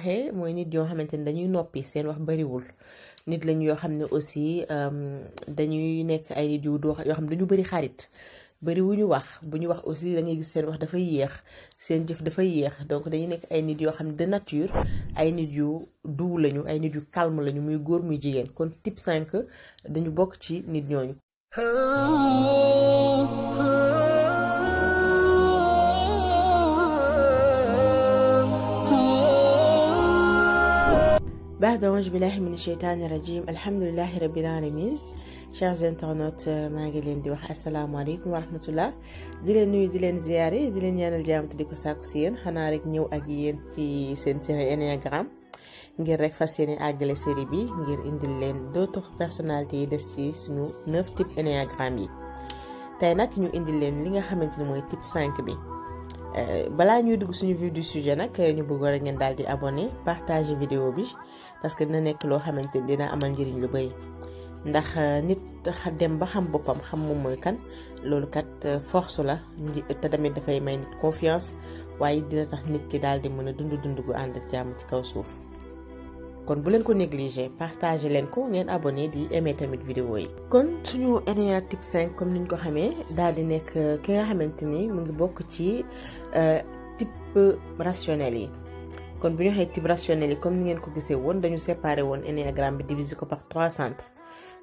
waxee mooy nit yoo xamante ni dañuy noppi seen wax bariwul nit lañ yoo xam ne aussi euh, dañuy nekk ay nit yu doo yoo xam ne dañu bari xarit bari ñu wax bu ñu wax aussi da gis seen wax dafay yéex seen jëf dafay yéex donc dañuy nekk ay nit yoo xam ne de nature ay nit yu duw lañu ay nit yu calme lañu muy góor muy jigéen kon type 5 dañu bokk ci nit ñooñu. بعد أعوذ بالله من الشيطان الرجيم الحمد لله رب العالمين chers internautes maa ngi leen di wax asalaamaaleykum wa rahmatullah di leen nuyu di leen ziyaare di leen ñaanal jàmm te di ko sàkku si yéen xanaa rek ñëw ak yéen ci seen série Enneagramme ngir rek fas yéene àggale série bi ngir indil leen dootu personnalités yi des ci suñu neuf types Enneagramme yi tey nag ñu indi leen li nga xamante ni mooy type 5 bi euh, balaa ñuy dugg suñu vif du sujet nag ñu ngeen daal di abonné partager vidéo bi parce que dina nekk loo xamante ni dina amal njëriñ lu bëri ndax euh, nit dem ba xam boppam xam moom mooy kan loolu kat euh, force la te tamit dafay may nit confiance waaye dina tax nit ki daal di mën a dund dund gu ànd ak jàmm ci kaw suuf. kon bu leen ko négliger partagé leen ko ngeen abonné di emee tamit vidéo yi. kon suñu NEA type 5 comme niñ ko xamee daal di nekk euh, ki nga xamante ni mu ngi bokk ci type rationnel yi. kon bu ñu waxee type rationnel comme ni ngeen ko gisee woon dañu séparé woon énéagramme bi divisé ko par trois centres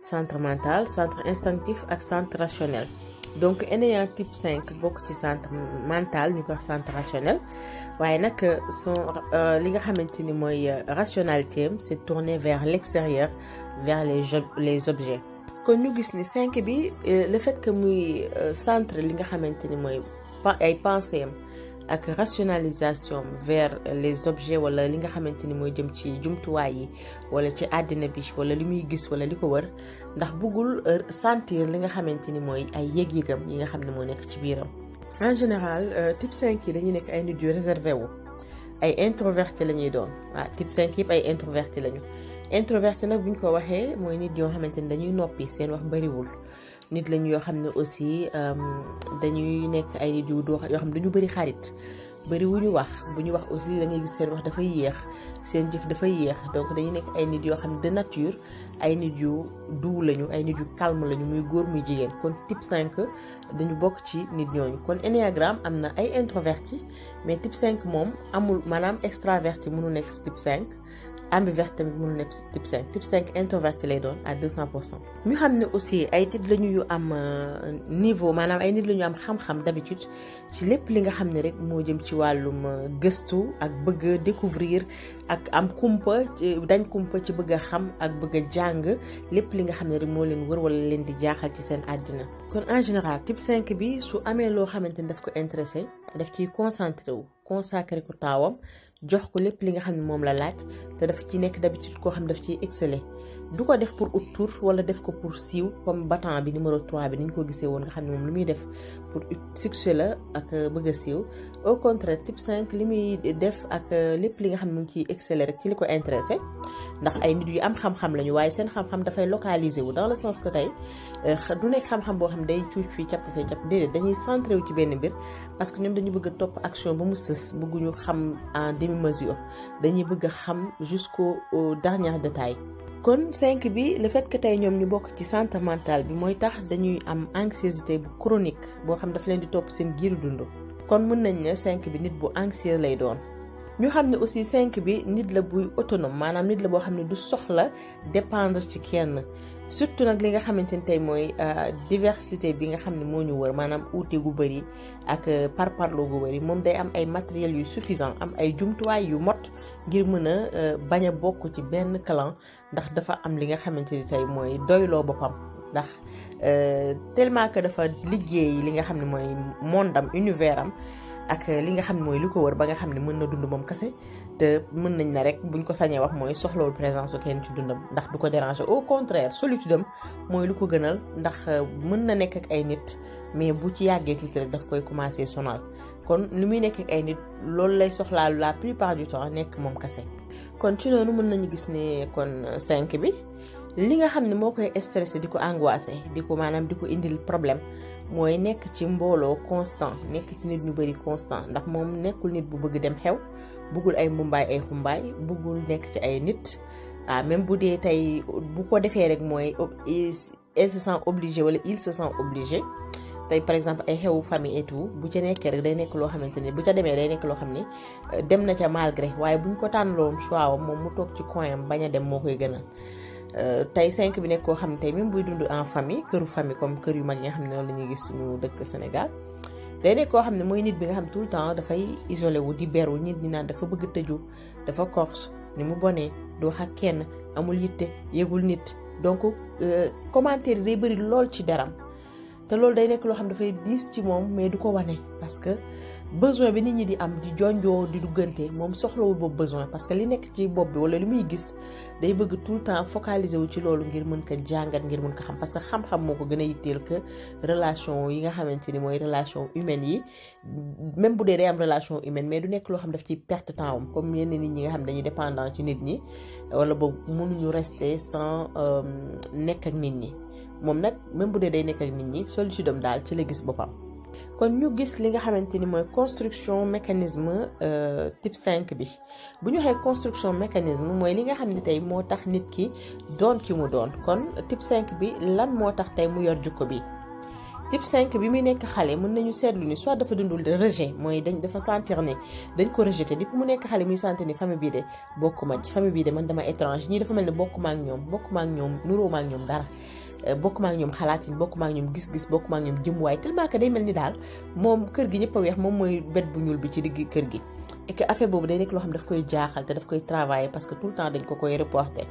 centre mental centre instinctif ak centre rationnel donc énéa type 5 bokk ci centre mental ñu ko wax centre rationnel waaye nag euh, son euh, li nga xamante ni mooy euh, rationalité am c'est tourné vers l'extérieur vers les les objets kon ñu gis ni 5 bi le fait que muy centre li nga xamante ni mooy ay pensée ak rationalisation vers les objets wala li nga xamante ni mooy jëm ci jumtuwaay yi wala ci àddina bi wala li muy gis wala li ko wër ndax bëggul euh, sentir li nga xamante ni mooy ay yëg-yëgam yi nga xam ne moo nekk ci biiram. en général euh, type 5 yi dañuy nekk ay nit yu réservé wu ay introverti la ñuy doon waa type 5 yëpp ay introverti lañu introverti nag bu ñu ko waxee mooy nit yoo xamante ni dañuy noppi seen wax bariwul. nit lañu yoo xam ne aussi euh, dañuy nekk ay nit yu yoo xam ne dañu bëri xarit bëri wu ñu wax bu ñu wax aussi da gis seen wax dafay yéex seen jëf dafay yéex donc dañuy nekk ay nit yoo xam ne de nature ay nit yu duu lañu ay nit yu calme lañu muy góor muy jigéen kon type 5 dañu bokk ci nit ñooñu kon ennéagramme am na ay introverti mais type cinq moom amul maanaam extraverti mënu nekk type 5. ambivert tamit mënul nekk type 5 type 5 introverti lay doon à 200 pour cent ñu xam ne aussi ay nit la ñuy am euh, niveau maanaam ay nit la ñu am xam-xam d'habitude ci lépp li nga xam ne rek moo jëm ci wàllum euh, gëstu ak bëgg a découvrir ak am kumpa dañ kumpa ci bëgg a xam ak bëgg jàng lépp li nga xam ne rek moo leen wër wala leen di jaaxal ci seen àddina kon en général type cinq bi su amee loo xamante ni daf ko intéressé def ciy concentré wu consacré ko taawam jox ko lépp li nga xam ne moom la laaj te dafa ci nekk d'habitude koo xam ne daf ciy exceller du ko def pour ut tour wala def ko pour siiw comme battant bi numéro trois bi ni ñu ko gisee woon nga xam ne moom li muy def pour succès la ak euh, bëgg a siiw au contraire type 5 li muy def ak euh, lépp li nga xam ne mu ngi ciy exceller rek ci li ko intéressé ndax ay nit yu am xam-xam lañu waaye seen xam-xam dafay localiser wu dans le sens que tey Euh, du nekk xam-xam boo xam day cuucuy capp fee capp déedéet dañuy centré wu ci benn mbir parce que ñoom dañu bëgg topp action ba mu sës bëgguñu xam en demi mesure dañuy bëgg a xam jusqu'au dernier détail kon cinq bi le fait que tey ñoom ñu bokk ci santé bi mooy tax dañuy am anxiété bu chronique boo xam dafa leen di topp seen giiru dund kon mën nañ ne cinq bi nit bu anxieux lay doon ñu xam ne aussi cinq bi nit la buy autonome maanaam nit la boo xam ne du soxla dépendre ci kenn surtout nag li nga xamante ni tey mooy euh, diversité bi nga xam ne moo ñu wër maanaam uute gu bëri ak par euh, parparloo gu bëri moom day am ay matériels yu suffisant am ay jumtuwaay yu mot ngir mën a euh, bañ a bokk ci benn clan ndax dafa am li nga xamante ni tey mooy doyloo boppam ndax tellement que dafa liggéey li nga xam ne mooy monde am univers am ak li nga xam ne mooy li ko wër ba nga xam ne mën na dund moom kese te mën nañ na rek buñ ko sañee wax mooy soxlawul présence su kenn ci dundam ndax du ko déranger au contraire solitude am mooy lu ko gënal ndax euh, mën na nekk ak ay nit mais bu ci yàggee tuuti rek daf koy commencé sonal kon li muy nekk ak ay nit loolu lay soxlaalu la plupart du temps nekk moom kase kon ci noonu mën nañu gis ne kon 5 euh, bi li nga xam ne moo koy stressé di ko angoissé di ko maanaam di ko indil problème mooy nekk ci mbooloo constant nekk ci nit ñu bëri constant ndax moom nekkul nit bu bëgg dem xew buggul ay mbumbaay ay xumbaay bëggul nekk ci ay nit ah même bu dee tey bu ko defee rek mooy elle se sent obligée wala il se sent obligé tey par exemple ay xewu famille et bu ca nekkee rek day nekk loo xamante ne bu ca demee day nekk loo xam ne euh, dem na ca malgré waaye buñ ko tànnaloon choix wam moom mu toog ci coin am bañ dem moo koy gënal. Euh, tey cinq bi nekk koo xam ne tey même buy dund en famille këru famille comme kër yu mag ña xam ne noonu la ñuy gis suñu dëkk Sénégal. day nekk koo xam ne mooy nit bi nga xam tout le temps dafay isolé wu di beru nit ñi naan dafa bëgg tëju dafa kors ni mu du wax xak kenn amul yitte yëgul nit donc euh, commentaire yi day bëri lool ci deram te loolu day nekk loo xam dafay diis ci moom mais du ko wane parce que besoin bi nit ñi di am di jonjoo di duggante moom soxlawul boobu besoin parce que li nekk ci bopp bi wala li muy gis day bëgg tout le temps focaliser wu ci loolu ngir mën ko jàngat ngir mën ko xam parce que xam-xam ko gën a yitteel que relation yi nga xamante ni mooy relation humaine yi même bu dee day am relation humaine mais du nekk loo xam daf ci perte temps am comme yenn nit ñi nga xam dañuy dépendant ci nit ñi wala boobu mënuñu rester sans euh, nekk ak nit ñi moom nag même bu dee day nekk ak nit ñi solitude am daal ci la gis boppam. kon ñu gis li nga xamante ni mooy construction mécanisme euh, type cinq bi bu ñu xee construction mécanisme mooy li nga xam ne tey moo tax nit ki doon ki mu doon kon type cinq bi lan moo tax tey mu yor jikko bi type cinq bi mu nekk xale mën nañu seetlu ni soit dafa dundul rejet mooy dañ dafa sentir ni dañ ko rejeté depuis mu nekk xale muy sentir ni famille bi de bokkuma ci famille bii de man dama étrange ñii dafa mel ni bokkuma ak ñoom bokkuma ak ñoom nuróoma ak ñoom dara Euh, bokk ma ak ñoom xalaat yi bokk ak ñoom gis-gis bokk ma ak ñoom jëmuwaay tellement que day mel ni daal moom kër gi ñëpp a weex moom mooy bet bu ñuul bi ci digg kër gi. et que affaire boobu day nekk loo xam daf koy jaaxal te daf koy travailler parce que tout le temps dañ ko koy reporter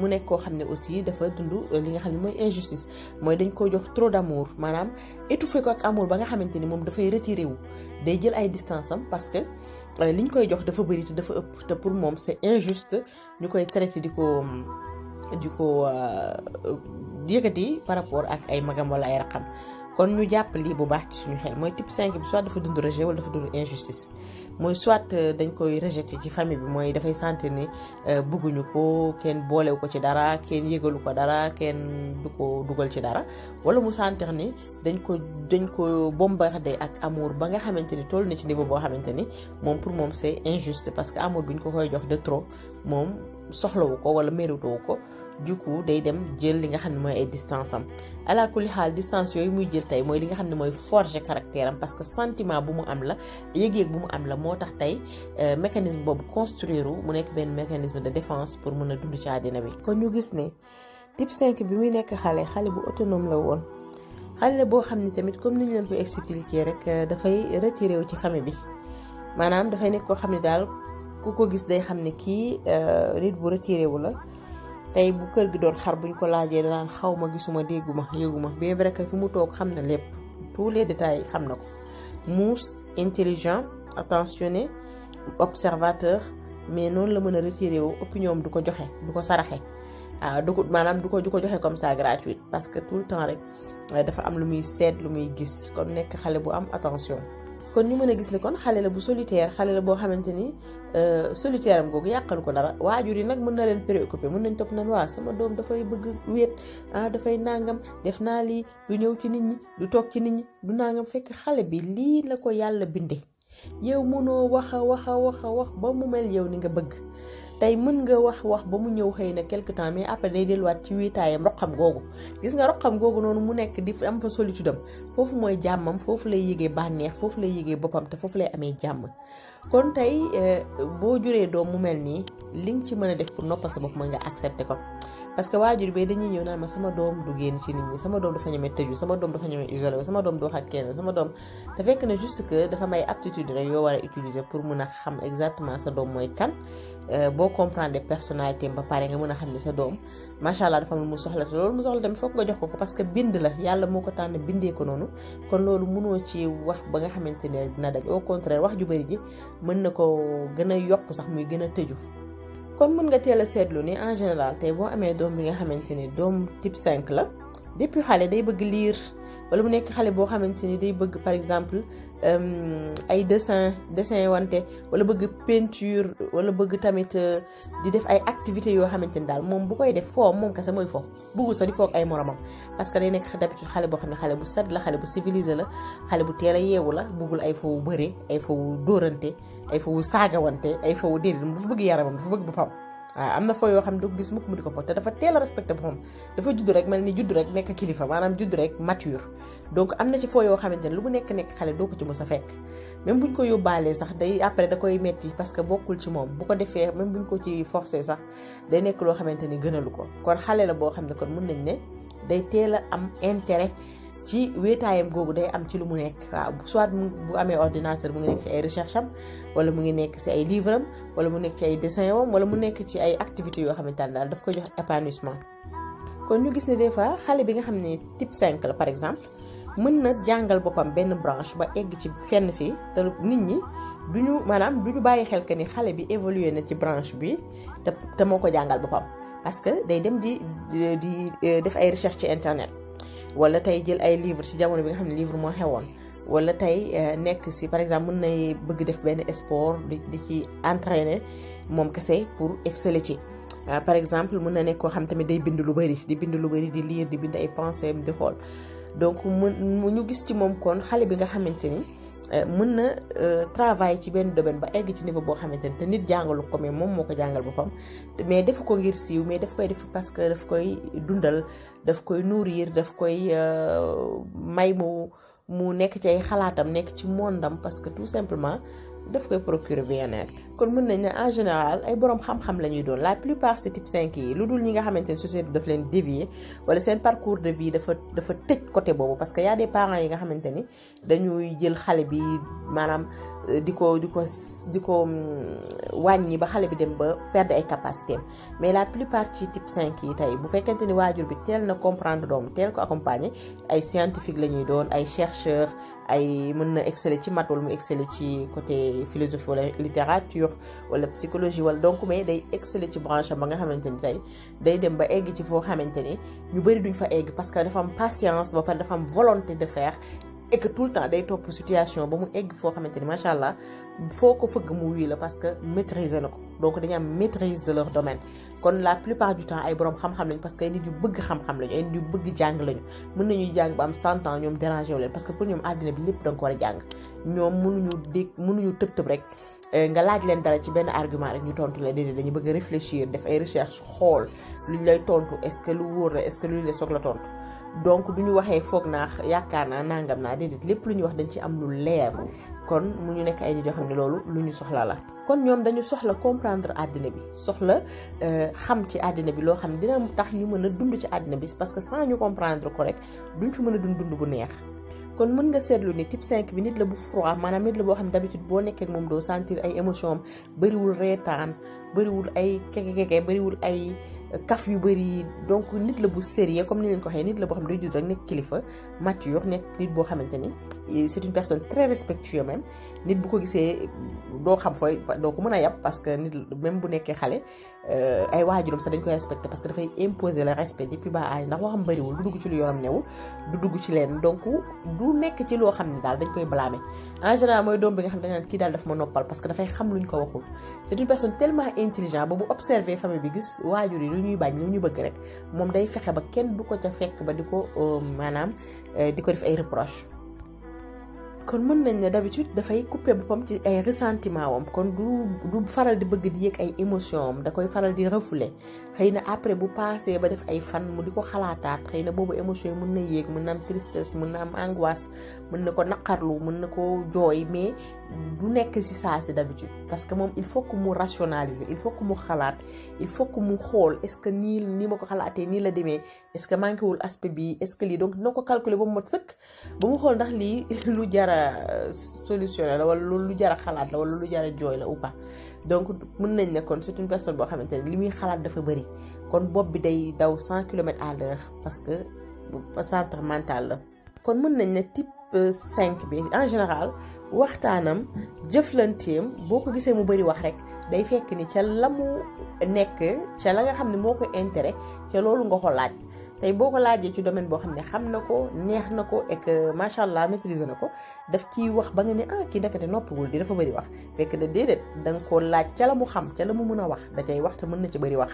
mu nekk koo xam ne aussi dafa dund euh, li nga xam ne mooy injustice mooy dañ ko jox trop d'amour maanaam étouffé ko ak amour ba nga xamante ni moom dafay retiré wu day jël ay distance am parce que euh, li ñu koy jox dafa bëri te dafa ëpp te pour moom c'est injuste ñu koy traité di ko. di ko euh, yëkkati par rapport ak ay magam wala ay raqam kon ñu jàpp lii bu baax ci suñu xel mooy type 5 bi soit dafa dund rejet wala dafa dund injustice mooy soit euh, dañ koy rejeté ci famille bi mooy dafay sentir ni euh, bëgguñu ko kenn boolewu ko ci dara kenn yëgalu ko dara kenn du ko dugal ci dara wala mu sentir ni dañ ko dañ ko bombardé ak amour ba nga xamante ni toll na ci niveau boo xamante ni moom pour moom c'est injuste parce que amour bi ñu ko koy jox de moom soxlawu ko du day dem jël li nga xam ne mooy ay distance am ala kulli xaal distance yooyu muy jël tey mooy li nga xam ne mooy forger caractère am parce que sentiment bu mu am la yëg-yëg bu mu am la moo tax tey euh, mécanisme boobu construire wu mu nekk benn mécanisme de défense pour mën a dund ci àddina bi. ko ñu gis ne type 5 bi muy nekk xale xale bu autonome la woon xale boo xam ne tamit comme ni ñu leen ko expliquer rek euh, dafay retiré wu ci famille bi maanaam dafay nekk koo xam ne daal ku ko gis day xam ne kii euh, nit bu retiré wu la. tey bu kër gi doon xar buñ ko laajee danaan xaw ma gisuma dégguma yëguma bien vrai que ki mu toog xam na lépp tous les détails xam na ko muus intelligent attentionné observateur mais noonu la mën a retiré wu opinion du ko joxe du ko saraxe waaw ah, du ko du ko du ko joxe comme ça gratuite parce que tout le temps rek dafa am lu muy seet lu muy gis kon nekk xale bu am attention kon ñu mën a gis ne kon xale la bu solitaire xale la boo xamante ni euh, solitaire am googu yàqal ko dara waajur yi nag mën na leen préoccupé mën nañ topp nan waa sama doom dafay bëgg wéet ah dafay nàngam def naa lii du ñëw ci nit ñi du toog ci nit ñi du nangam fekk xale bi lii la ko yàlla binde yow mënoo wax a wax ba mu mel yow ni nga bëgg tey mën nga wax wax ba mu ñëw xëy na quelque temps mais après day delluwaat ci wiitaayam roqam googu gis nga roqam googu noonu mu nekk di am fa solitude am foofu mooy jàmmam foofu lay yëgee bànneex foofu lay yëgee boppam te foofu lay amee jàmm kon tey euh, boo juree doom mu mel nii li nga ci mën a def pour noppal sa bopp mooy nga accepté ko parce que waajur bee dañuy ñëw naan ma sama doom du génn ci nit ñi sama doom dafa ñeme tëju sama doom dafa ñeme isolé sama doom du wax ak kenn sama doom te fekk na juste que dafa may aptitude rek yoo war a utiliser pour mun a xam exactement sa doom mooy kan euh, boo comprendre personnalité ba pare nga mën a xam ne sa doom macha allah dafa am lu mu soxla te loolu mu soxla tamit foog nga jox ko parce que bind la yàlla moo ko tànn bindee ko noonu kon loolu mënoo ci wax ba nga xamante ne dina daj au contraire wax ju bëri ji mën na ko gën a yokk sax muy gën a tëju kon mën nga teel a seetlu ni en général tey boo amee doom bi nga xamante ni doom type cinq la depuis xale day bëgg liir wala mu nekk xale boo xamante ni day bëgg par exemple Euh, ay desin dessin wante wala bëgg peinture wala bëgg tamit euh, di def ay activités yoo xamante ni daal moom bu koy def foo moom kese mooy foo bëggul sax di foog ay moromam parce que day nekk d'habitude xale boo xam ne xale bu set la xale bu civilisé la xale bu teel a yeewu la bëggul ay foowu bëre ay foowu dóorante ay foowu wante ay foowu déedéet dafa bëgg yaramam dafa bëgg boppam waaw ah, am na foo yoo xam ne doo gis mukk mu di ko fo te dafa teel a respecté boppam dafa judd rek mel ni judd rek nekk kilifa maanaam judd rek mature donc am na ci foo yoo xamante ne lu mu nekk nekk xale doo ko ci mës a fekk même ñu ko yóbbaalee sax day après da koy metti parce bokkul ci moom bu ko defee même buñ ko ci forcé sax day nekk loo xamante ni gënalu ko kon xale la boo xam ne kon mun nañ ne day teel a am intérêt ci wéetaayam googu day am ci lu mu nekk waaw soit mu bu amee ordinateur mu ngi nekk ci ay recherche am wala mu ngi nekk ci ay livre am wala mu nekk ci ay dessin wala mu nekk ci ay activités yoo xamante ne daal daf ko jox épanouissement kon ñu gis ne des fois xale bi nga xam ne type 5 la par exemple mën na jàngal boppam benn branche ba egg ci fenn fii te nit ñi du ñu maanaam du ñu bàyyi xel que ni xale bi évolué na ci branche bi te te moo ko jàngal boppam parce que day dem di di euh, def ay recherche ci internet wala tey jël ay livre ci jamono bi nga xam ne livre moo xewoon wala tey eh, nekk si par exemple mën na bëgg def benn sport di ci entraîner moom kese pour exceller ci euh, par exemple mën na nekk koo xam tamit day bind lu bëri di bind lu bëri di lire di bind ay pensées di xool donc mu ñu gis ci moom kon xale bi nga xamante ni Euh, mën na euh, travail ci benn domaine ba egg ci niveau boo xamante ne te nit jàngalu ko mais moom moo ko jàngal boppam mais def ko ngir siiw mais daf koy def parce que daf koy dundal daf koy nourrir daf koy euh, may mu mu nekk ci ay xalaatam nekk ci mondam parce que tout simplement daf koy procurer bien-être kon mën nañ ne en général ay borom xam-xam la ñuy doon la plupart ci type 5 yi lu dul ñi nga xamante ne société daf leen dévier wala seen parcours de vie dafa dafa tëj côté boobu parce que y a des yi nga xamante ni dañuy jël xale bi maanaam. di ko di ko di ko mm, wàññi ba xale bi dem ba perde ay capacité mais la plus plupart ci type cinq yi tey bu fekkente ni waajur bi teel na comprendre doom teel ko accompagner ay scientifique la ñuy doon ay chercheur ay mën na exceller ci mat wala mu exceller ci côté philosophie wala littérature wala psychologie wala donc mais day exceller ci branche ba nga xamante ni tey day dem ba egg ci foo xamante ni ñu bëri duñ fa egg parce que dafa am patience ba pare dafa am volonté de faire et que tout le temps day topp situation ba mu egg foo xamante ni macha allah foo ko fëgg mu wii la parce que maîtriser na ko donc dañu am maîtrise de leur domaine kon la plupart du temps ay borom xam-xam lañu parce que ay nit yu bëgg xam-xam lañu ay nit yu bëgg jàng lañu mën nañuy jàng ba am 100 ans ñoom dérangé wu leen parce que pour ñoom àddina bi lépp da nga ko war a jàng ñoom mënuñu dégg mënuñu tëb tëb rek eh, nga laaj leen dara ci benn argument rek ñu tontu la déedéet bëgg réfléchir def ay recherche xool luñ lay tontu est-ce que lu wóor la est-ce que donc du ñu waxee foog naa yaakaar naa nangam naa déedéet lépp lu ñu wax dañ ci am lu leer kon mu ñu nekk ay nit yoo xam ne loolu lu ñu soxla la. kon ñoom dañu soxla comprendre àddina bi soxla euh, xam ci àddina bi loo xam ne dina tax ñu mën a dund ci àddina bi parce que sans ñu comprendre ko rek duñ mën a dund bu neex. kon mën nga seetlu ni tip 5 bi nit la bu froid maanaam nit la boo xam d'habitude boo nekkee moom doo sentir ay émotion am bëriwul reetaan bëriwul ay kekekeke bariwul ay. kaf yu bëri donc nit la bu sérieux comme ni leen ko waxee nit la boo xam ne day judd rek nekk kilifa mature nekk nit boo xamante ni c'est une personne très respectueuse même nit bu ko gisee doo xam fooy doo ko mën a yab parce que nit même bu nekkee xale euh, ay waajuram sax dañ koy respecté parce que dafay imposer la respect depuis bas âge ndax waxam bëriwul du dugg ci lu yoram newul dugg ci leen donc du nekk ci loo xam ne daal dañ koy blâmer en général mooy doom bi nga xam ne dañ kii daal daf ma noppal parce que dafay xam ko waxul c'est une personne tellement intelligente ba bu observer famille bi gis waajur yi lu ñuy bañ lu ñu bëgg rek moom day fexe ba kenn du ko ca fekk ba di ko euh, maanaam euh, di ko def ay reproche kon mën nañ ne d'habitude dafay couper boppam ci ay ressentiment wam kon du du faral di bëgg di yëg ay émotion am da koy faral di refouler xëy na après bu passé ba def ay fan mu di ko xalaataat xëy na boobu émotion yi mën na yéeg mën na am tristesse mun na am angoisse mën na ko naqarlu mën na ko jooy mais du nekk ci saa si d'habitude parce que moom il faut que mu rationaliser il faut que mu xalaat il faut mu xool est-ce que nii nii ma ko xalaatee nii la demee est-ce que manqué wul aspect bi est-ce que lii donc dina ko calculer ba mu mot sëkk ba mu xool ndax lii lu jara euh, solution la wala lu jara xalaat l wala lu jara jooy la ou pas donc mën nañ ne kon c'est une personne boo xamante ne li muy xalaat dafa bari kon bopp bi day daw cent kilomètres à l'heure parce que centre mental la kon mën nañ ne type cinq bi en général waxtaanam jëflanteem boo ko gisee mu bëri wax rek day fekk ni ca la mu nekk ca la nga xam ne moo ko intérêt ca loolu nga ko laaj tey boo ko laajee ci domaine boo xam ne xam na ko neex na ko et que macha allah maîtriser na ko def kiy wax ba nga ne ah kii ndekete noppiwul di dafa bëri wax fekk da déedéet da nga koo laaj ca la mu xam ca la mu mun a wax da cay wax te mën na ci bëri wax.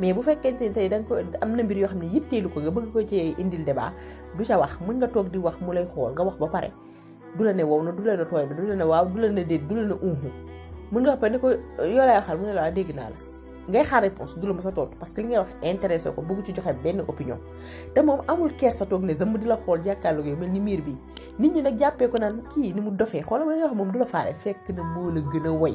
mais bu fekkente ne tey da ko am na mbir yoo xam ne yitteelu ko nga bëgg ko ci indil débat du ca wax mën nga toog di wax mu lay xool nga wax ba pare du la ne wow na du la ne tooy na du la ne waaw du la ne déet du la ne uuhu mën nga wax ne ko yoo laay waxal mu ne la ah, dégg naa la. ngay xaar réponse du la mës a tontu parce que li ngay wax intéressé ko bëgg ci joxe benn opinion te moom amul keer sa toog ne zëmm di la xool jàkkaarloo yu mel ni miir bi nit ñi nag jàppee ko naan kii ni mu dofee xoolal ma li wax moom du la faale fekk na moo la gën a woy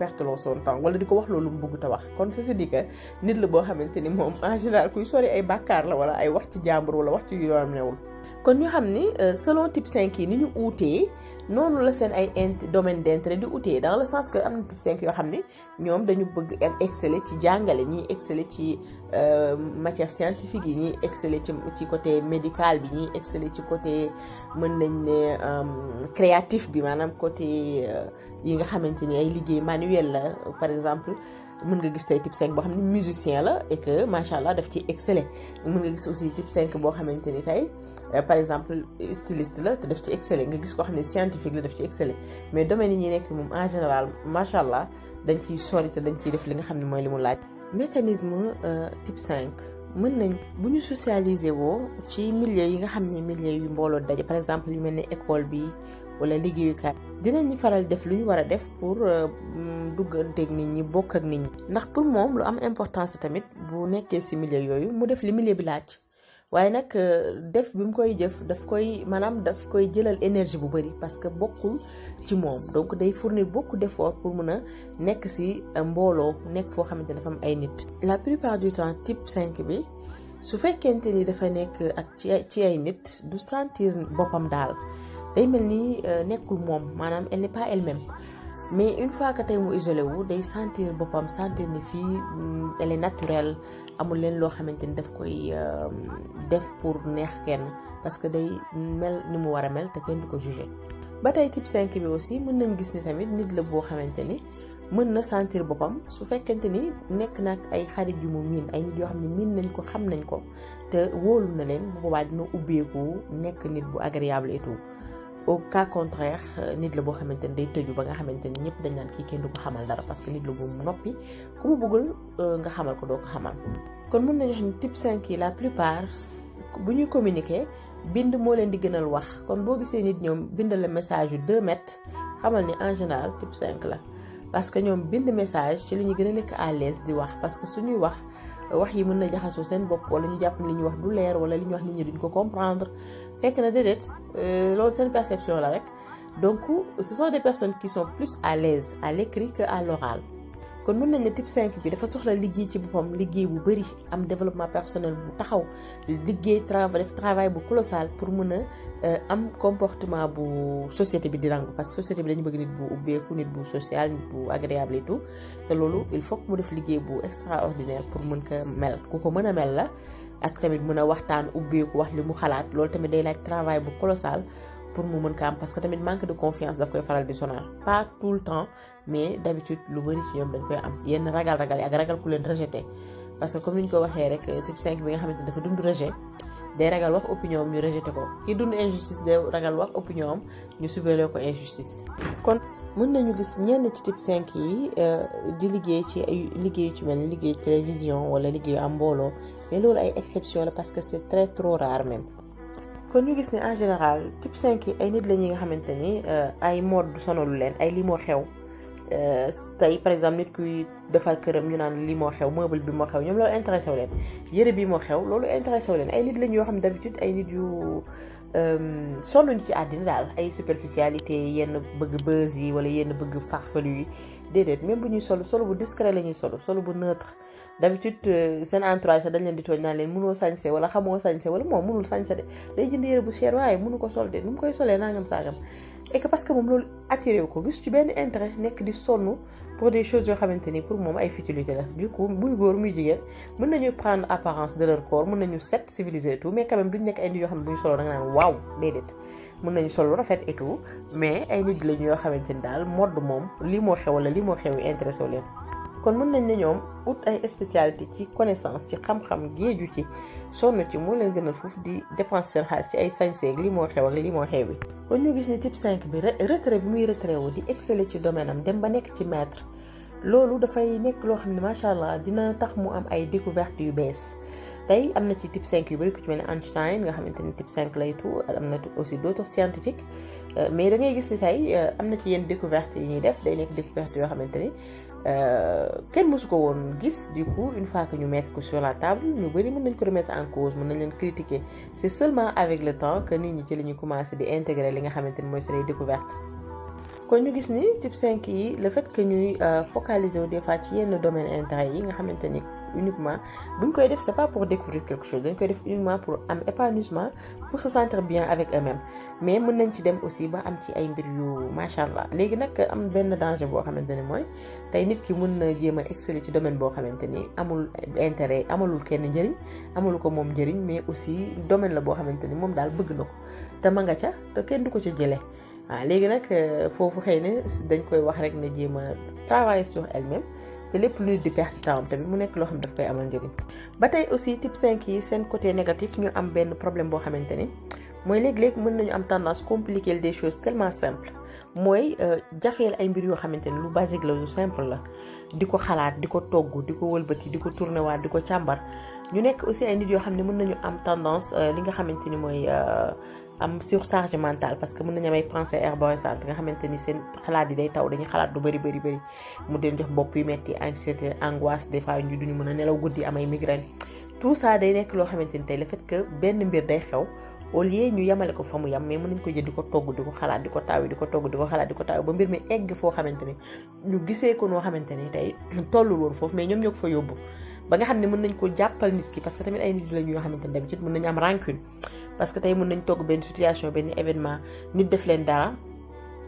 perte loo son temps wala di ko wax loolu mu bëgg te wax kon ceci dit que nit la boo xamante ni moom en général kuy sori ay bàkkaar la wala ay wax ci jàmbur wala wax ci yu doon newul kon ñu xam ni euh, selon type cinq yi ni ñu uutee noonu la seen ay int domaine d'intérêt di uutee dans le sens que am na type 5 yoo xam ni ñoom dañu bëgg er-, exceller ci jàngale ñiy exceller ci euh, matière scientifique yi ñiy exceller ci ci côté médical bi ñiy exceller ci côté mën nañ ne euh, créatif bi maanaam côté yi nga xamante ni ay liggéey manuel la par exemple mën nga gis tey type 5 boo xam ne musicien la et que macha allah daf ci exceller mën nga gis aussi type boo xamante ni tey euh, par exemple styliste la te ci exceller nga gis koo xam ne scientifique la def ci exceller mais domaine yi ñuy nekk moom en général macha allah dañ ciy sori te dañ ciy def li nga xam ne mooy li mu laaj. mécanisme euh, type cinq mën nañ bu ñu socialiser woo ci milieu yi nga xam ne milieu yu mbooloo daje par exemple yu mel ni école bi. wala liggéeyukaay dinañ faral def lu ñu war a def pour euh, mm, dugganteeg nit ñi bokk ak nit ñi. ndax pour moom lu am importance tamit bu nekkee si milieu yooyu mu def li milieu bi laaj waaye nag euh, def bi mu koy jëf daf koy maanaam daf koy jëlal énergie bu bëri parce que bokkul ci moom donc day fournir bokk d'efforts pour mun a nekk si euh, mbooloo nekk foo xamante ne dafa am ay nit. la plupart du temps type 5 bi. su fekkente ni dafa nekk ak ci ay nit du sentir boppam daal day mel ni euh, nekkul moom maanaam elle n'est pas elle mais une fois que tey mu isolé wu day sentir boppam sentir ni fii mm, elle est naturelle amul leen loo xamante ni daf koy euh, def pour neex kenn parce que day mel ni mu war a mel te kenn ko jugé. ba tey type 5 bi aussi mën nañ gis ni tamit nit la boo xamante ni mën na sentir boppam su fekkente ni nekk nag ay xarit yu mu miin ay nit yoo xam ne miin nañ ko xam nañ ko te wóolu na leen bu boobaa dina ubbeeku nekk nit bu agréable et au cas contraire euh, nit la boo xamante ni day tëju ba nga xamante ni ñëpp dañ naan kii kenn du ko xamal dara parce que nit la bu noppi ku mu bëggul euh, nga xamal ko doo ko xamal. kon mën nañu wax ni type 5 yi la plupart bu ñuy communiquer bind moo leen di gënal wax kon boo gisee nit ñoom bindal la message yu deux mètres xamal ni en général type 5 la. parce que ñoom bind message ci li ñu gën a nekk à l'aise di wax parce que suñuy wax wax yi mën na jaxasoo seen bopp wala ñu jàpp ni li ñu wax du leer wala li ñu wax nit ñi duñ ko comprendre. fekk na déedéet euh, loolu seen perception la rek donc ce sont des personnes qui sont plus à l'aise à l'écrit que à l'oral kon mën nañ ne type cinq bi dafa soxla liggéey ci boppam liggéey bu bëri am développement personnel bu taxaw liggéey travail def bu colossal pour mën a euh, am comportement bu société bi di nangu parce que société bi dañu bëgg nit bu ubbeeku nit bu social nit bu agréable et te loolu il faut mu def liggéey bu extraordinaire pour mun ko mel ku ko mën a mel la. ak tamit mën a waxtaan ubbeeku wax li mu xalaat loolu tamit day laaj travail bu colossal pour mu mën ko am parce que tamit manque de confiance daf koy faral di sonal pas tout le temps mais d'habitude lu bari ci ñoom dañ koy am yenn ragal-ragal yi ak ragal ku leen rejeté parce que comme ni ñu ko waxee rek euh, type 5 bi nga xamante dafa dund rejet day ragal wax opinion am ñu rejeté dund injustice day ragal wax opinion am ñu subeloo ko injustice kon mën nañu gis ñenn ci type 5 yi euh, di liggéey ci ay liggéey ci mel ni liggéey télévision wala liggéey am mbooloo mais loolu ay exception la parce que c'est très trop rare même kon ñu gis ne en général type 5 yi ay nit la ñi nga xamante ni euh, ay mode du sonalu leen ay li moo xew euh, tey par exemple nit kuy defar këram ñu naan li moo xew meuble bi moo xew ñoom loolu intéressé wu leen yëre bi moo xew loolu intéressé wu leen ay nit lañ yoo xam ne d'habitude ay nit yu euh, sonnuñu ci àddina daal ay superficialité yenn bëgg buzz yi wala yenn bëgg farfelu yi déedéet même bu ñuy solu solu bu discret la ñuy solu solu bu neutre d'habitude euh, seen entourage sax dañ leen di tooñ naa leen mënoo sañse wala xamoo sañse wala moom mënul sañse de day jënd yére bu cher waaye mënu ko sol de nu mu koy solee nangam saagam et que parce que moom loolu attiré wu ko gis ci ni pour moom ay futilité la du coup muy góor muy jigéen mën nañu prendre apparence de ne buñ solo da nga naan waaw déedéet mën nañu sol mais ay nit lañu yoo xamante ni daal mode moom lii moo xew wala lii moo xew intéressé wu leen kon mën nañ ne ñoom ut ay spécialité ci connaissance ci xam-xam géeju ci sonn ci moo leen gënal foofu di dépense seen xaalis ci ay sañseeg lii moo xew ak lii moo xewi kon ñu gis ni type 5 bi retrait bi muy retrait wu di exceller ci domaine am dem ba nekk ci maître loolu dafay nekk loo xam ne macha allah dina tax mu am ay découverte yu bees tey am na ci type 5 yu bëri ku ci mel ne Einstein nga xamante ni type cinq lay tuut am na aussi d'autres scientifiques euh, mais da gis ni tey euh, am na ci yenn découverte yi ñuy def day nekk découverte yoo xamante ni Euh, kenn mosu ko woon gis du coup une fois que ñu mettre ko sur la table ñu bëri mën nañ ko remettre en cause mën nañ leen critiquer c'est seulement avec le temps que nit ñi ci la ñu commencé di intégrer li nga xamante ni mooy seen ay ñu gis ni type 5 yi la fait que ñuy euh, focaliser wu des fois ci yenn domaine intérêt yi nga xamante ni uniquement bu ñu koy def sa pas pour découvrir quelque chose dañ koy def uniquement pour am épanouissement pour se sentir bien avec eux mais mën nañ ci dem aussi ba am ci ay mbir yu macha allah léegi nag am benn danger boo xamante ne mooy tey nit ki mën na jéem a exceller ci domaine boo xamante ni amul intérêt amalul kenn njëriñ amalu ko moom njëriñ mais aussi domaine la boo xamante ni moom daal bëgg na ko te ma nga ca te kenn du ko ca jëlee. waaw léegi nag euh, foofu xëy na dañ koy wax rek ne jéem a travailler sur elle-même te lépp luy di perte temps mu nekk loo xam daf koy amal njëriñ ba tey aussi type 5 yi seen côté négatif ñu am benn problème boo xamante ni mooy léeg-léeg mën nañu am tendance compliquer des choses tellement simples mooy euh, jafeel ay mbir yoo xamante ni lu basique la lu simple la di ko xalaat di ko togg di ko wëlbati di ko tourné waat di ko càmbar ñu nekk aussi ay nit yoo xam ne mën nañu am tendance euh, li nga xamante ni mooy euh, am surcharge parce que mën nañu am ay pensée arborescente nga xamante ni seen xalaat yi day taw dañuy xalaat du bëri bëri bëri mu den jox bopp yu metti anxiété angoisse des fois ñu duñu a nelaw guddi am ay migraine tout ça day nekk loo xamante ni tey le fait que mbir ñu yemale ko fa mais mën nañ ko jël ko togg di ko xalaat ko taawi di ko togg di ko xalaat di ko taawi mi egg foo xamante ni ñu gisee ko noo xamante ni tey tollul woon foofu mais ñoom ñoo ko fa yóbbu ba nga xam ne mën nañ ko jàppal nit ki parce que tamit ay nit la ñoo xamante ni d'habitude mën parce que tey mën nañ togg benn situation benn événement nit def leen dara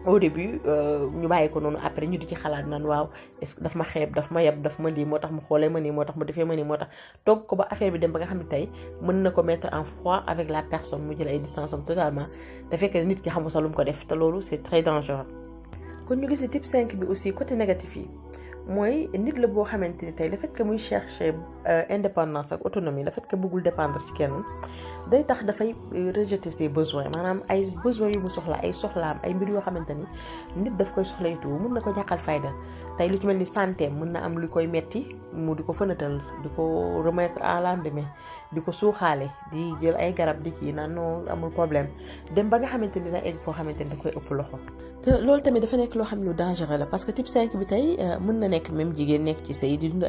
au début euh, ñu bàyyi ko noonu après ñu di ci xalaat naan waaw est-ce que daf ma xeeb daf ma yeb lii moo tax ma xoolee ma nii moo tax mu defee ma nii moo tax toog ko ba affaire bi dem ba nga xam ne tey mën na ko mettre en froid avec la personne mu jël ay distance totalement te fekk nit ki xamu ko def te loolu c'est très dangereux kon ñu gis type 5 bi aussi côté négatif yi mooy nit la boo xamante ni tey le fait que muy chercher euh, indépendance ak autonomie le fait que bëggul dépendre ci kenn day tax dafay euh, rejeter ses besoins maanaam ay besoins yu mu soxla ay soxlaam ay mbir yoo xamante ni nit daf koy soxla yitu mun na ko ñàkkal fayda tey lu ci mel ni santé mën na am lu koy metti mu di ko fënatal di ko remettre à lendemain di ko suuxaale di jël ay garab di kii naan non amul problème dem ba nga xamante ni dina egg foo xamante ni da koy ëpp loxo. te loolu tamit dafa nekk loo xam ne lu la parce que type 5 bi tey euh, mën na nekk même jigéen nekk ci sëy di dund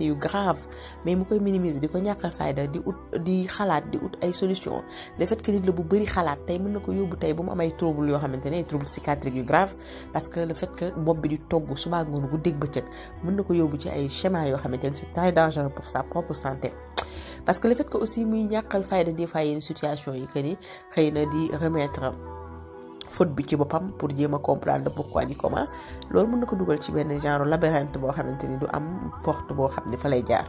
yu grave mais mu koy minimiser di ko ñàkkal fayda di ut di xalaat di ut ay solution le fait bu bëri xalaat tey mën na ko yóbbu tey bu mu am ay yoo xamante ne ay trouble psychiatrique yu grave parce que le fait que bopp bi di togg suba ngoon guddeeg bëccëg mën na ko yóbbu ci ay schéma yoo xamante ne c'est très dangereux pour sa propre santé parce que le fait que aussi muy ñàkkal fayda des fois yenn situation yi que ni xëy na di remettre faute bi ci boppam pour jéem a pour pourquoi di comment loolu mën na ko dugal ci benn genre labyrinthe boo xamante ni du am porte boo xam ne fa lay jaar.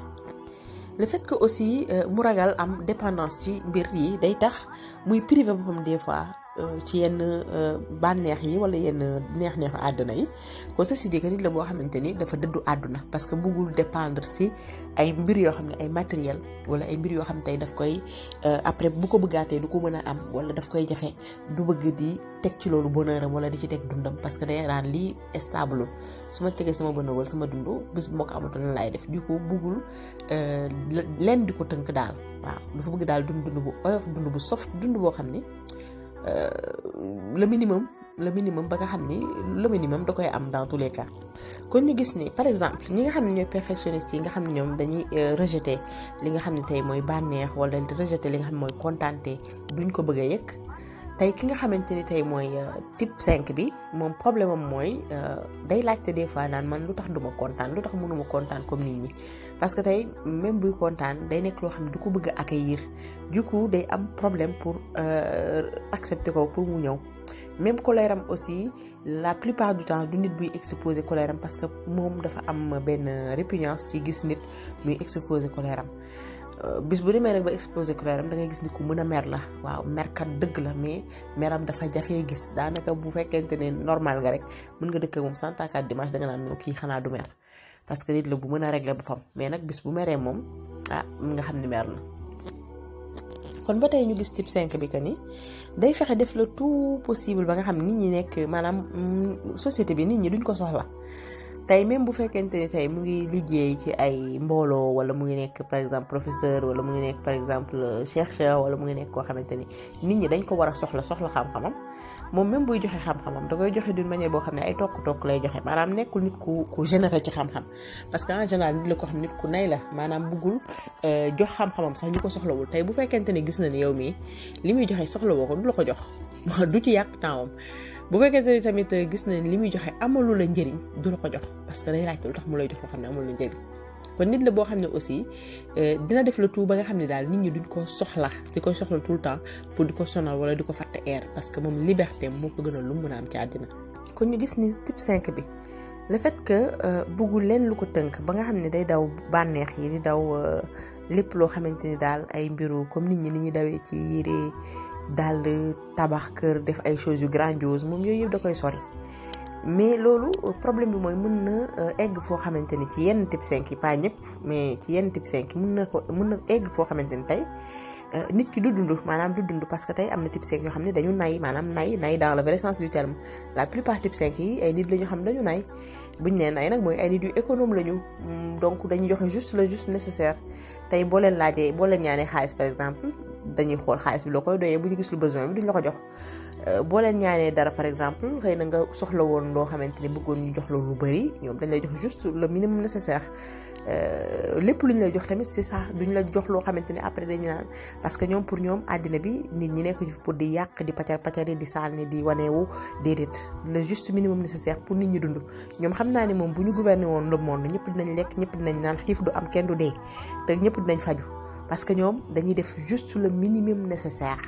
le fait que aussi euh, mu ragal am dépendance ci mbir yi day tax muy privé boppam des fois. Euh, ci yenn euh, bànneex yi wala yenn neex-neexu àdduna yi kon ceci dit que nit la boo xamante ni dafa dëddu àdduna parce que buggul dépendre si ay mbir yoo xam ne ay matériel wala ay mbir yoo xam tey daf koy euh, après bu ko bëggaatee du ko mën a am wala daf koy jafe du bëgg di teg ci loolu bonheuram wala di ci teg dundam parce que day naan lii estable su ma tegee sama bonheur wala sama dund bis bu ko amatul lan laay def du ko buggul leen di ko tënk daal waaw dafa bëgg daal dund dund bu oyof dund bu soft dund boo xam ne Euh, le minimum le minimum ba nga xam ni le minimum da koy am dans tous les cas kon ñu gis ni par exemple ñi nga xam ne ñooy perfectionniste yi nga xam ne ñoom dañuy euh, rejeter li nga xam ne tey mooy bànneex wala rejeter li nga xam ne mooy kontante duñ ko bëgg a yëg tey ki nga xamante ni tey mooy euh, type 5 bi moom problème am mooy day laajte des fois naan man lu tax du ma kontaan lu tax mënuma kontaan comme nii ñi parce que tey même buy kontaan day nekk loo xam ne du ko bëgg a yiir du coup day am problème pour euh, accepté ko pour mu ñëw même colère aussi la plupart du temps du nit buy exposer colère parce que moom dafa am benn répugnance ci gis nit muy exposer colère am euh, bis bu demee nag ba exposer colère am da ngay gis ni ku mën a mer la waaw merkat dëgg la mais meram dafa jafee gis daanaka bu fekkente ne normal nga rek mën nga dëkk moom santaakaat dimanche da nga naan kii xanaa du mer. parce que nit la bu mën a régler boppam mais nag bis bu meree moom ah nga xam ni mer na. kon ba tey ñu gis type 5 bi que ni day fexe def le tout possible ba nga xam nit ñi nekk maanaam mm, société bi nit ñi duñ ko soxla. tey même bu fekkente ni tey mu ngi liggéey ci ay mbooloo wala mu ngi nekk par exemple professeur wala mu ngi nekk par exemple euh, chercheur wala mu ngi nekk koo xamante ni nit ñi dañ ko war soxla soxla xam-xamam moom même buy joxe xam-xamam da koy joxe d'une manière boo xam ne ay tokk-tokk lay joxe maanaam nekkul nit ku ku généré ci xam-xam parce que en général nit la ko xam nit ku nay la maanaam buggul euh, jox xam-xamam sax ñu ko soxlawul tey bu fekkente ne gis na ni yow mii li muy joxe soxlawoo ko du la ko jox du ci yàq tempsam bu fekkente ni tamit gis na ni li muy joxe amalu la njëriñ du la ko jox parce que day laajte lu tax mu lay jox loo xam ne amalu la njëriñ. kon nit la boo xam ne aussi euh, dina def le tout ba nga xam ne daal nit ñi duñ koo soxla di koy soxla tout le temps pour di ko sonal wala di ko fàtte air parce que moom liberté moo ko gënal lu mun a am ci àddina. kon ñu gis ni type 5 bi le fait que euh, bëggul leen lu ko tënk ba nga xam ne day daw bànneex yi di daw euh, lépp loo xamante ni daal ay mbiru comme nit ñi ni ñuy dawee ci yére daal tabax kër def ay choses yu grandiose moom yooyu yëpp da koy sori. mais loolu euh, problème bi mooy mën na euh, egg foo xamante ni ci yenn type 5 yi pas ñëpp mais ci yenn type 5 mën na ko mën na egg foo xamante ni tey euh, nit ki du dund maanaam du dund parce que tey am na type yoo xam ne dañu nay maanaam nay nay dans le vrai sens du terme la plupart type 5 yi ay nit la ñu xam dañu nay buñ nee nay nag mooy ay nit yu économe la ñu mm, donc joxe juste le juste nécessaire tey boo leen laajee boo leen ñaanee xaalis par exemple dañuy xool xaalis bi loo koy doyee bu ñu gisul besoin bi duñ la jox Euh, boo leen ñaanee dara par exemple xëy na nga soxla woon loo xamante ni bëggoon ñu jox la lu bëri ñoom dañ lay jox juste le minimum nécessaire euh, lépp lu ñu lay jox tamit c'est ça duñ la jox loo xamante ni après dañu naan parce que ñoom pour ñoom àddina bi nit ñi nekk pour di yàq di pacar pacari di sànni di waneewu déedéet le juste minimum nécessaire pour nit ñi dund ñoom xam naa ni moom bu ñu gouverner woon le monde ñëpp dinañ lekk ñëpp dinañ naan xiif du am kenn du dee te ñëpp dinañ faju parce que ñoom dañuy def juste le minimum nécessaire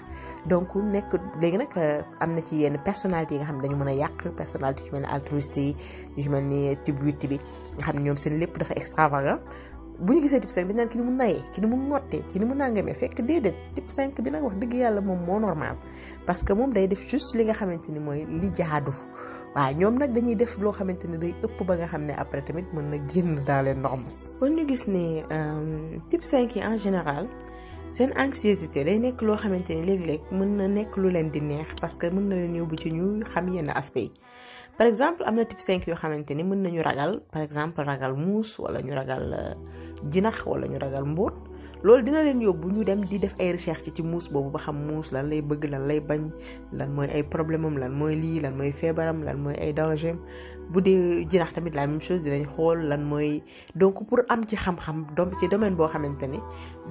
donc nekk léegi nag euh, am na ci yenn personnalité yi nga xam ne dañu mën a yàq personnalité yu ci mel ni altruiste yi mel ni tib witti bi nga xam ne ñoom seen lépp dafa extravagant bu ñu gisee type 5 dañ naan ki ni mu nayee ki ni mu ngottee ki ni mu nangamee fekk déedéet type 5 bi nag wax dëgg yàlla moom moo normal parce que moom day def juste li nga xamante ni mooy li jaadu waa ñoom nag dañuy def loo xamante ni day ëpp ba nga xam ne après tamit mën na génn dans les normes. kon ñu gis ne euh, type 5 yi en général seen anxiété day nekk loo xamante ni léeg-léeg mën na nekk lu leen di neex parce que mën na leen yóbbu ci ñu xam yenn aspect yi par exemple am na type 5 yoo xamante ni mën nañu ragal par exemple ragal muus wala ñu ragal euh, jinax wala ñu ragal mbóot loolu dina leen yóbbu ñu dem di def ay recherche ci muus boobu ba xam muus lan lay bëgg lan lay bañ lan mooy ay problème am lan mooy lii lan mooy feebaram lan mooy ay dangem bu dee jinax tamit la même chose dinañ xool lan mooy donc pour am ci xam-xam doom ci domaine boo xamante ni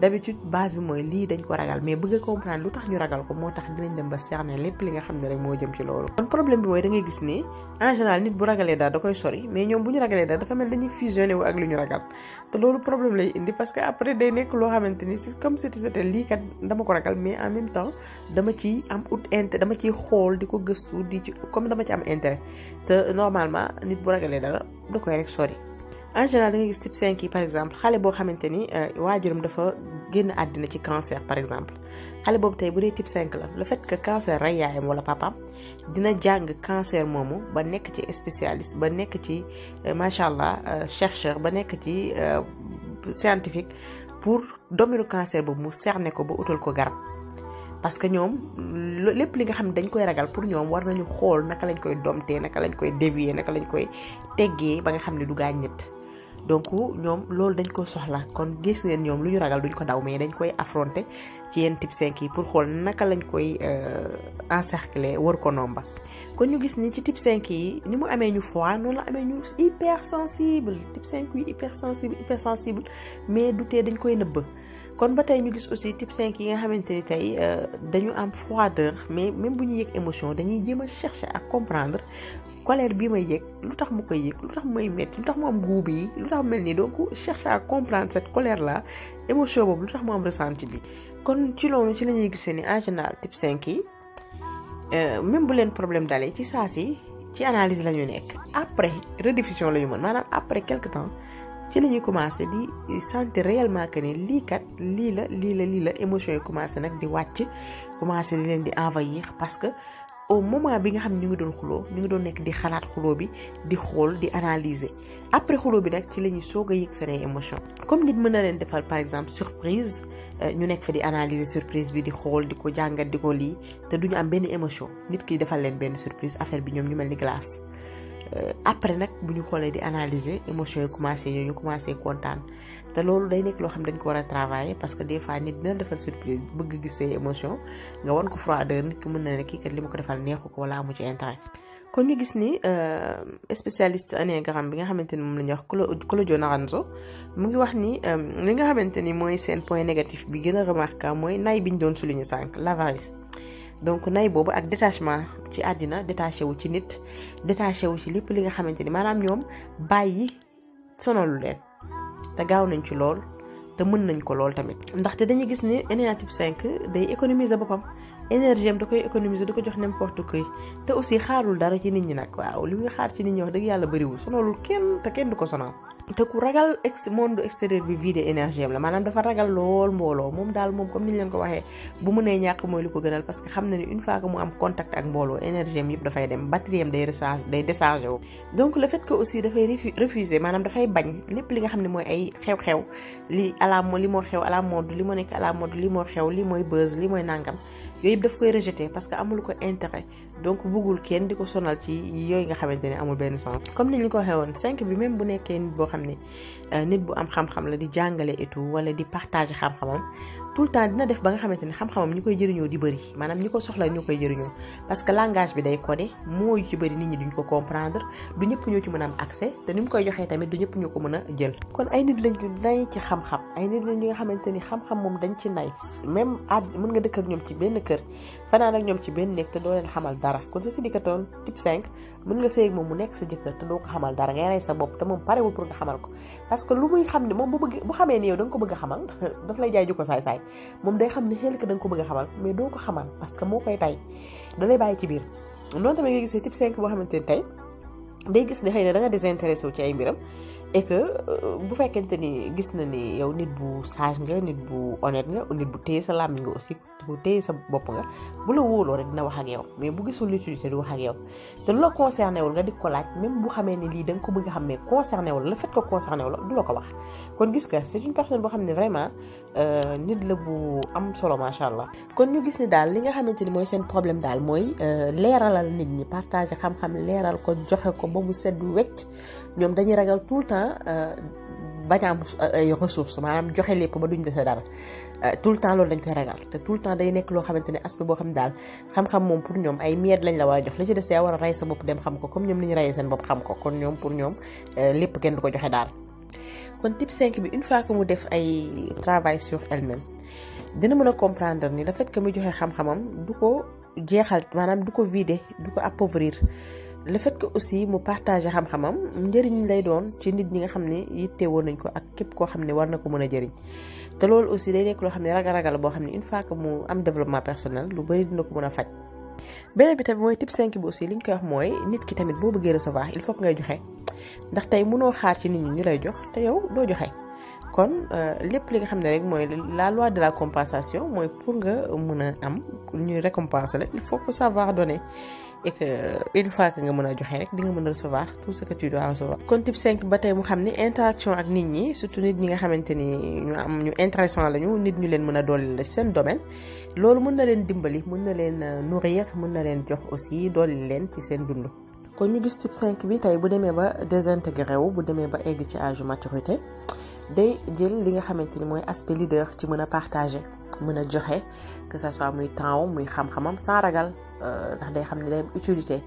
d'habitude base bi mooy lii dañ ko ragal mais bëgg a comprendre lu tax ñu ragal ko moo tax dinañ dem ba cerner lépp li nga xam ne rek moo jëm ci loolu kon problème bi mooy da ngay gis ne en ragalee daal da sori mais ñoom bu ñu ragalee daal dafa mel dañuy fusionné wu ñu ragal te loolu problème lay indi parce que après day nekk loo xamante ni c'est comme si c'était dama ko ragal mais en même temps dama ci am ut intérêt dama ciy xool di ko gëstu di ci comme dama ci am intérêt te normalement nit bu ragalee dara da koy rek sori en général gis type cinq yi par exemple xale boo xamante ni euh, waajuram dafa génn àddina ci cancer par exemple xale boobu tey bu dee type 5 la le fait que cancer rey yaayam wala papaam dina jàng cancer moomu ba nekk ci spécialiste ba nekk ci euh, macha allah euh, chercheur ba nekk ci scientifique pour dominer cancer boobu mu ne ko ba utal ko garab. parce que ñoom lépp li nga xam ne dañ koy ragal pour ñoom war nañu xool naka lañ koy domtee naka lañ koy dévier naka lañ koy teggee ba nga xam ne du gaañ donc ñoom loolu dañ ko soxla kon gis ngeen ñoom lu ñu ragal duñ ko daw mais dañ koy affronter ci yenn type 5 yi pour xool naka lañ koy euh, encercler war ko nomba kon ñu gis ni ci type cinq yi ni mu amee ñu foie noonu la amee ñu hypersensible type 5 yi hypersensible hypersensible mais du tee dañ koy nëbb kon ba tey ñu gis aussi type 5 yi nga xamante ni tey euh, dañu am froideur mais même bu ñu yëg émotion dañuy jéem a chercher à comprendre colère bi may yëg lu tax mu ko yëg lu tax may metti lu tax mu am guub yi lu tax mel nii donc cherche à comprendre cette colère là émotion boobu lu tax mu am ressenti bi kon ci loolu ci la ñuy gisee ni en général type 5 yi euh, même bu leen problème dalee ci saa si ci analyse la ñu nekk après rediffusion la ñu mën maanaam après quelque temps ci la ñuy commencé di sentir réellement que ni lii kat lii la lii la lii la émotion yi commencé nag di wàcc commencé di leen di envahir parce que au moment bi nga xam ne ñu ngi doon xuloo ñu ngi doon nekk di xalaat xuloo bi di xool di analyser après xuloo bi nag ci la ñuy soog a yëg seen ay émotion comme nit mën na leen defal par exemple surprise euh, ñu nekk fa di analyser surprise bi di xool di ko jàngat di ko lii te duñu am benn émotion nit ki defal leen benn surprise affaire bi ñoom ñu mel ni glace euh, après nag bu ñu xoolee di analyser émotion yi commencé ñoo ñu commencé kontaan te loolu day nekk loo xam dañ ko war a travailler parce que des fois nit dina defal surprise bëgg gis say émotion nga wan ko froideur nit ki mën na ne kii kat li ma ko defal neexu ko wala amu ci intérêt kon ñu gis euh, bi nga xamante ni moom la ñuy wax Claudio Naranjo mu ngi wax ni euh, li nga xamante ni mooy seen point négatif bi gën a remarquable mooy nay bi ñu doon souligner sànq l'avarice donc nay boobu ak détachement ci àddina détaché wu ci nit détaché wu ci lépp li nga xamante ni maanaam ñoom bàyyi sonalu leen te gaaw nañ ci lool te mën nañ ko lool tamit. ndaxte dañu gis ni NAA type 5 day économiser boppam énergie da koy économiser da ko jox n'importe quoi te aussi xaarul dara ci nit ñi nag waaw lu nga xaar ci nit ñi wax dëgg yàlla bëriwul sonalul kenn te kenn du ko sonal. te ku ragal ex monde extérieur bi vide énergie am la maanaam dafa ragal lool mbooloo moom daal moom comme ni ñu leen ko waxee bu nee ñàkk mooy lu ko gënal parce que xam na ni une fois que mu am contact ak mbooloo énergie yëpp dafay dem batterie am day recharge day déchargé wu. donc le fait que aussi dafay refuser maanaam dafay bañ lépp li nga xam ne mooy ay xew-xew li ala li moo xew ala mode li moo nekk ala mode li moo xew li mooy buzz li mooy nangam. yooyu daf koy rejeté parce que amul ko intérêt donc bëggul kenn di ko sonal ci yooyu nga xamante ne amul benn sens. comme ni ñu ko waxee woon cinq bi même bu nekkee nit boo xam ne euh, nit bu am xam-xam la di jàngale et tout wala di partager xam-xamam tout le temps dina def ba nga xamante ne xam-xamam ñi koy jëriñoo ko soxla ñoo koy jëriñoo parce ko comprendre du ñëpp ñoo a am accès koy joxee tamit ñëpp ñoo ko mën a jël kon ay nit lañ xam-xam ay ñi nga xamante ni xam-xam moom dañ ci nay même at mën nga dëkk ak ñoom ci benn kër fanaan ak ñoom ci benn nekk te doo leen xamal dara kon sa sidikatoon type 5 mën nga sëy moom mu nekk sa jëkkër te doo ko xamal dara ngay rey sa bopp te moom parewul pour nga xamal ko parce que lu muy xam ne moom bu bëgg bu xamee ni yow da nga ko bëgg a xamal daf lay jaay ju saay saay moom day xam ne xel que da ko bëgg a xamal mais doo ko xamal parce que moo koy tay da bàyyi ci biir noonu tamit nga gisee type 5 boo xamante tey day gis ne xëy na da nga désintéressé wu ci ay mbiram et que euh, bu fekkente ni gis na ni yow nit bu sage nga nit bu honnête nga nit bu téye sa làmmiñ nga aussi bu téye sa bopp nga bu la wóoloo rek dina wax ak yow mais bu gisul l'utilité du wax ak yow te lu la concerné wul nga di ko laaj même bu xamee ne lii da ko bëgg a xam mais concerné wul la fait ko concerné wul du la ko wax kon gis nga c'est une personne boo xam ne vraiment euh, nit la bu am solo macha allah. kon ñu gis ni daal li nga xamante ni mooy seen problème daal mooy euh, leeralal nit ñi partager xam-xam leeral ko joxe ko ba mu sedd wecc ñoom dañuy ragal tout le temps euh, bañ a am ay ressources maanaam joxe lépp ba duñ dese dara Euh, tout le temps loolu dañ koy ragal te tout le temps day nekk loo xamante ne aspect boo xam daal xam-xam moom pour ñoom ay miet lañ la war a jox li ci des yaa war a rey sa bopp dem xam ko comme ñoom li ñu seen bopp xam ko kon ñoom pour ñoom euh, lépp kenn du ko joxe daal. kon type 5 bi une fois que mu def ay travail sur elle-même dina mën a comprendre ni le fait que mu joxe xam-xamam du ko jeexal maanaam du ko vider du ko appauvrir. le fait que aussi mu partager xam-xamam njëriñ lay doon ci nit ñi nga xam ne woon nañ ko ak képp koo xam ne war na ko mën a jariñ te loolu aussi day nekk loo xam ne ragal-ragal boo xam ne une fois que mu am développement personnel lu bëri dina ko mën a faj. beneen bi mooy type 5 bi aussi li ñu koy wax mooy nit ki tamit boo bëggee recevoir il faut que ngay joxe ndax tey mënoo xaar ci nit ñi ñu lay jox te yow doo joxe. kon euh, lépp li nga xam ne rek mooy la loi de la compensation mooy pour nga mën a am ñuy récompenser la il faut que savoir donner. et que une fois que nga mën a joxe rek di nga mën a recevoir tout ce que tu recevoir. kon type 5 ba tey mu xam ni interaction ak nit ñi surtout nit ñi nga xamante ni ñu am ñu intéressant lañu nit ñu leen mën a dooleel seen domaine loolu mën na leen dimbali mën na leen euh, nourrir mën na leen jox aussi dooleel leen ci seen dund. kon ñu gis type 5 bi tey bu demee ba désintégré wu bu demee ba egg ci âge maturité day jël li nga xamante ni mooy aspect leader ci mën a partager mën a joxe que ça muy temps muy xam-xamam ragal. ndax day xam ne day am utilité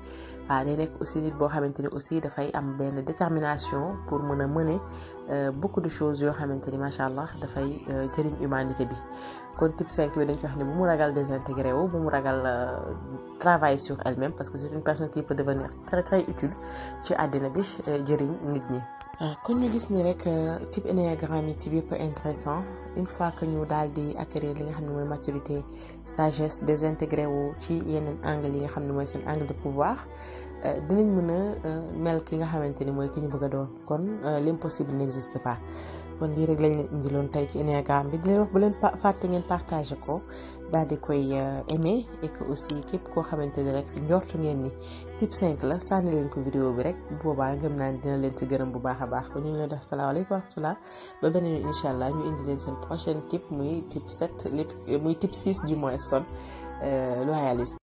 waaw day nekk aussi nit boo xamante ni aussi dafay am benn détermination pour mën a mener euh, beaucoup de choses yoo xamante ni macha allah dafay euh, jëriñ humanité bi kon type 5 bi dañ ko wax ne bu mu ragal désintégré wu bu mu ragal euh, travail sur elle-même parce que c'est une personne qui peut devenir très très utile ci àddina bi jëriñ nit ñi waaw ah, kon ñu gis ni rek euh, type énéagramme yi ci yëpp intéressant une fois que ñu daal di acquérir li nga xam ne mooy maturité sagesse désintégré wu ci yeneen angle yi nga xam ne mooy seen angle de pouvoir euh, dinañ mën a euh, mel ki nga xamante ni mooy ki ñu bëgg a doon kon l'impossible n'existe pas kon lii rek lañ indi loon tey ci énéagramme bi di leen wax bu leen fàtte ngeen partagé ko daal di koy eh, aimer et aussi képp koo xamante ni rek njortu ngeen ni type 5 la sànni leen ko vidéo bi rek boobaa gëm naa dina leen si gërëm bu baax a baax ko ñu ngi leen di wax salaamaaleykum wa rahmatulah ba beneen incha allah ñu indi leen seen prochaine type muy type 7 lépp muy type 6 du moins kon euh, loyaliste.